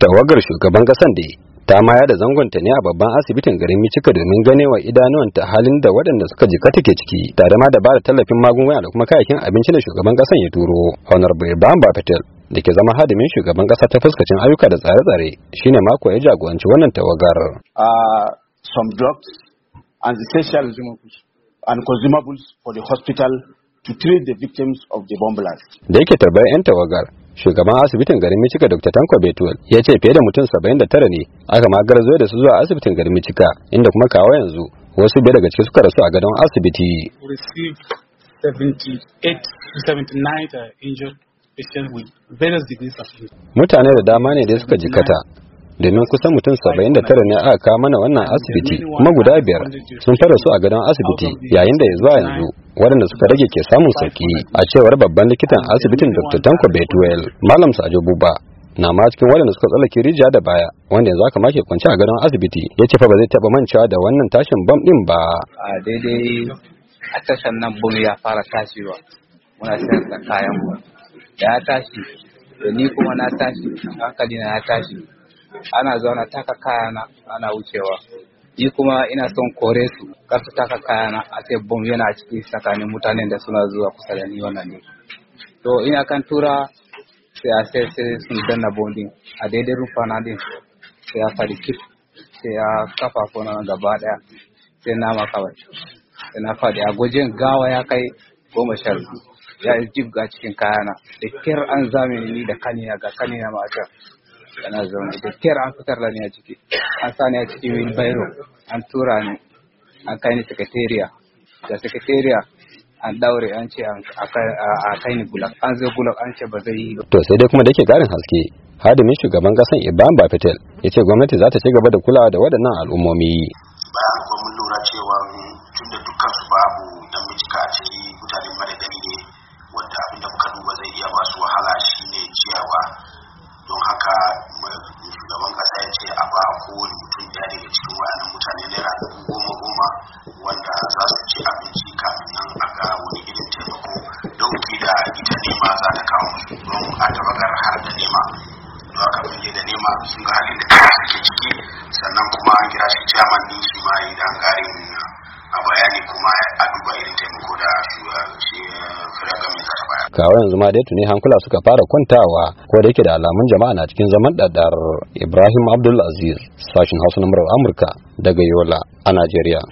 tawagar shugaban kasan da ta maya da zangonta ne a babban asibitin garin Micika domin ganewa idanuwanta halin da waɗanda suka jika take ciki tare ma da ba da tallafin magunguna da kuma kayayyakin abinci da shugaban kasan ya turo honorable bamba patel da ke zama hadimin shugaban kasa ta fuskacin ayyuka da tsare-tsare shine mako ya jagoranci wannan tawagar ah, some drugs and essential and consumables for the hospital to treat the victims of the bomb blast da yake tarbar yan tawagar shugaban asibitin garin Michika Dr. Tanko Betul ya ce fiye da mutum 79 ne aka magarzo da su zuwa asibitin garin Michika inda kuma kawo yanzu wasu biyar daga ciki suka rasu a gadon asibiti. Uh, Mutane da dama ne da suka jikata domin kusan mutum saba'in da tara ne aka kawo mana wannan asibiti kuma guda biyar sun fara su a gadon asibiti yayin da zuwa yanzu waɗanda suka rage ke samun sauki a cewar babban likitan asibitin dr tanko betuel malam sajo buba na ma cikin waɗanda suka tsallake rijiya da baya wanda yanzu aka make kwance a gadon asibiti ya ce fa ba zai taɓa mancewa da wannan tashin bam ɗin ba. a daidai a tashan nan bom ya fara tashiwa muna sayar da kayan mu ya tashi da ni kuma na tashi hankali na ya tashi ana zauna taka kayana ana wucewa ni kuma ina son kore su kar su taka kayana a sai bom yana ciki tsakanin mutanen da suna zuwa kusa da ni wannan ne to ina kan tura sai a sai sai sun danna bondin a daidai rufa na din sai a fari kif sai a kafa kona gaba daya sai nama kawai sai na fadi a gwajin gawa ya kai goma sha ya yi jibga cikin kayana da kyar an zamani ni da kanina ga kanina ma can yana zaune da kyar an fitar da ni a ciki an sa ni a cikin wheelbarrow an tura ni an kai ni sakatariya da sakatariya an daure an ce a kai ni gulag an zo gulag an ce ba zai yi to sai dai kuma da yake garin haske hadimin shugaban kasan ibrahim bafetel ya ce gwamnati za ta ci gaba da kulawa da waɗannan al'ummomi ba mun lura cewa eh, tun da dukkan su babu dan bincika a ciki mutane ta kawo don a tabbatar har da nema don haka mun da nema sun ga halin da suke ciki sannan kuma an kira shi chairman din su ma yi dan garin a bayani kuma a duba irin taimako da shi eh, kawo yanzu ma dai tuni hankula suka fara kwantawa ko da yake da alamun jama'a na cikin zaman ɗaɗar ibrahim abdulaziz sashin hausa na murar amurka daga yola a najeriya.